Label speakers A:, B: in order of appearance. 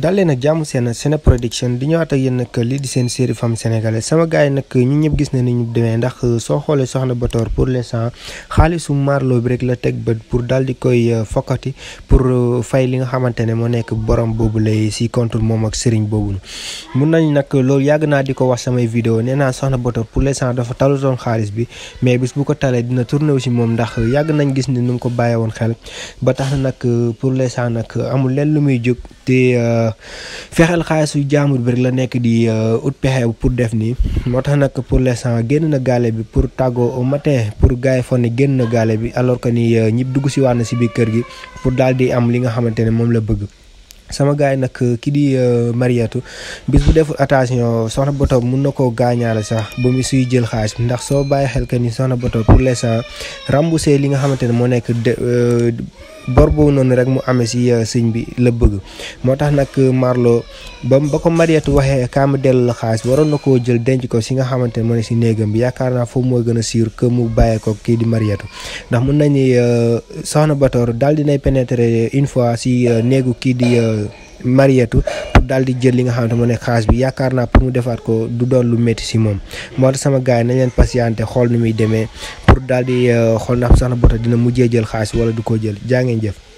A: dalé nak jamm sen sen Production di ñëwaat ak yeen nag lii di sen série femme sénégalaise sama gaay nak ñu ñëp gis na ni ñu démé ndax euh, so xolé soxna bator pour l'instant xaalisu Marlo bi rek la tek bët pour dal di koy euh, fokati pour euh, fay li nga xamantene mo nek nekk borom bobu lay ci contre mom ak serigne bobu mu nañ nak lool yag na di wax sama vidéo néna soxna bator pour l'instant dafa talutoon khalis bi mais bis bu ko talé dina tourner wu mom ndax yag nañ gis ni num ko bàyyi xel ba tax nak pour l'instant nak amul lenn lu muy fexeel xaalisu jaamur bi la nekk di euh, ut pexe pour def nii moo tax nag pour l'instant génn na gaale bi pour tàggoo au matin pour gars yi ne génn na gaale bi alors que ni euh, ñib dugg si waat na si biir kër gi pour daal di am li nga xamante ne moom la bëgg. sama gars yi nag ki di euh, Mariétou bis bu deful attention soxna boto mun na koo gaañaale sax ba mu suy jël xaalis ndax soo bàyyi xel que ni soxna boto pour l'instant remboursé li nga xamante ne moo nekk euh, bor boobu noonu rek mu amee si euh, sëñ bi la bëgg moo tax nag Marlo ba ba ko Mariette waxee kaa ma dellu la xaalis waroon na koo jël denc ko si nga xamante ne moo ne si néegam bi yaakaar naa foofu a sûr mu bàyyee kii di Mariette ndax mun nañu euh, soxna Batoor daal dinay pénétrer une fois si euh, néegu kii di euh, Mariette pour daal di jël li nga xamante moo ne xaas bi yaakaar naa pour mu defaat ko du doon lu métti si moom moo tax sama gars yi nañ leen patienté xool nu muy demee pour daal di xool ndax soxna Batoor dina mujjee jël xaas wala du ko jël jaa jëf.